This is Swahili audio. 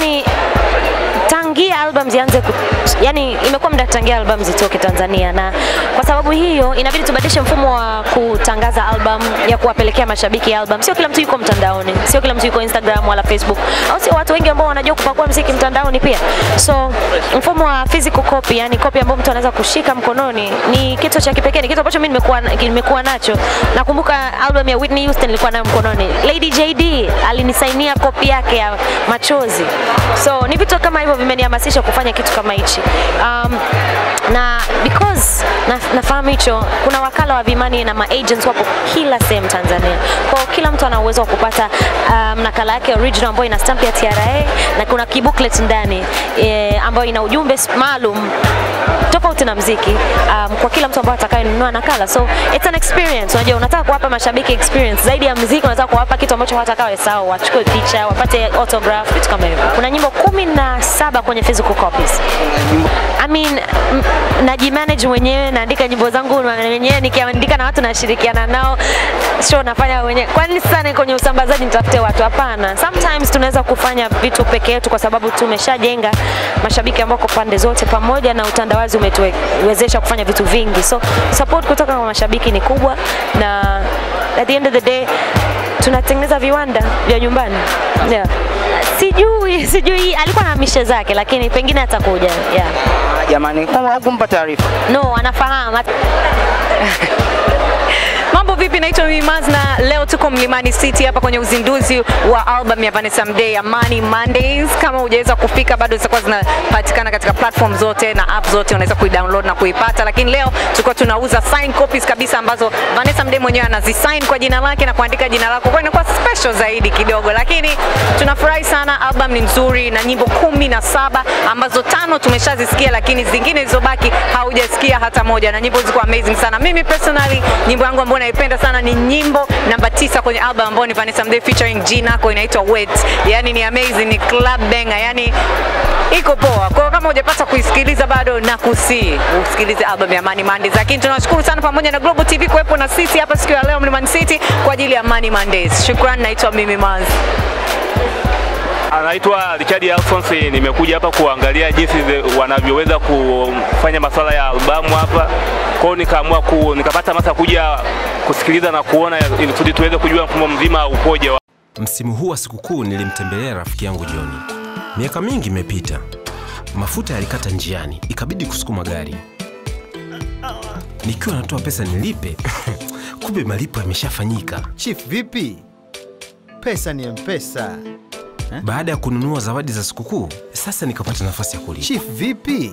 me. tangia album zianze ku... yani imekuwa muda tangia album zitoke Tanzania, na kwa sababu hiyo inabidi tubadilishe mfumo wa kutangaza album ya kuwapelekea mashabiki album. Sio kila mtu yuko mtandaoni, sio kila mtu yuko Instagram wala Facebook, au sio watu wengi ambao wanajua kupakua mziki mtandaoni pia. So mfumo wa physical copy, yani copy ambayo mtu anaweza kushika mkononi, ni kitu cha kipekee, ni kitu ambacho mimi nimekuwa nimekuwa nacho. Nakumbuka album ya Whitney Houston nilikuwa nayo mkononi, Lady JD alinisainia copy yake ya Machozi. So ni vitu kama hivyo vimenihamasisha kufanya kitu kama hichi um, na because na, nafahamu hicho kuna wakala wa vimani na maagents wapo kila sehemu Tanzania. Kwa kila mtu ana uwezo wa kupata um, nakala yake original ambayo ina stamp ya TRA na kuna kibuklet ndani e, ambayo ina ujumbe maalum tofauti na mziki um, kwa kila mtu ambaye atakaye nunua nakala. So it's an experience. Unajua, unataka kuwapa mashabiki experience zaidi ya mziki, unataka kuwapa kitu ambacho hawatakawe sawa, wachukue picha, wapate autograph, vitu kama hivyo. Kuna nyimbo kumi na saba saba kwenye physical copies. I mean, najimanage mwenyewe, naandika nyimbo zangu mwenyewe, nikiandika na watu nashirikiana nao, show nafanya wenyewe. Kwa nini sana kwenye usambazaji nitafute watu? Hapana, sometimes tunaweza kufanya vitu peke yetu kwa sababu tumeshajenga mashabiki ambao pande zote, pamoja na utandawazi umetuwezesha kufanya vitu vingi, so support kutoka kwa mashabiki ni kubwa, na at the end of the day tunatengeneza viwanda vya nyumbani yeah. Sijui, sijui alikuwa na mishe zake, lakini pengine atakuja. Yeah. jamani, kama hakumpa taarifa. No, anafahamu. Mambo vipi? Naitwa mimi Mazna tuko Mlimani City hapa kwenye uzinduzi wa album ya Vanessa Mdee Money Mondays. Kama hujaweza kufika, bado zitakuwa zinapatikana katika platform zote na app zote, unaweza kuidownload na kuipata. Lakini leo tuko tunauza sign copies kabisa ambazo Vanessa Mdee mwenyewe anazisign kwa jina lake na kuandika jina lako, kwa inakuwa special zaidi kidogo, lakini tunafurahi sana. Album ni nzuri na nyimbo kumi na saba ambazo tano tumeshazisikia, lakini zingine zilizobaki haujasikia hata moja, na nyimbo ziko amazing sana. Mimi personally nyimbo yangu ambayo naipenda sana ni nyimbo namba tisa kwenye album ambayo ni Vanessa Mdee featuring Gina kwa inaitwa Wet. Yani ni amazing, ni club banger. Yani iko poa. Kwa kama hujapata kuisikiliza bado na kusi, usikilize album ya Money Mondays. Lakini tunashukuru sana pamoja na Global TV kuwepo na sisi hapa siku ya leo Mlimani City kwa ajili ya Money Mondays. Shukrani, naitwa Mimi Maz. Anaitwa Richard Alphonse, nimekuja hapa kuangalia jinsi wanavyoweza kufanya masuala ya albamu hapa. Kwa hiyo nikaamua ku, nikapata masa kuja kusikiliza na kuona ili tuweze kujua mfumo mzima upoje. Msimu huu wa sikukuu nilimtembelea rafiki yangu Joni. Miaka mingi imepita, mafuta yalikata njiani, ikabidi kusukuma gari. Nikiwa natoa pesa nilipe, kumbe malipo yameshafanyika. Chief vipi? Pesa ni mpesa. Eh? Baada ya kununua zawadi za sikukuu, sasa nikapata nafasi ya kulipa. Chief vipi?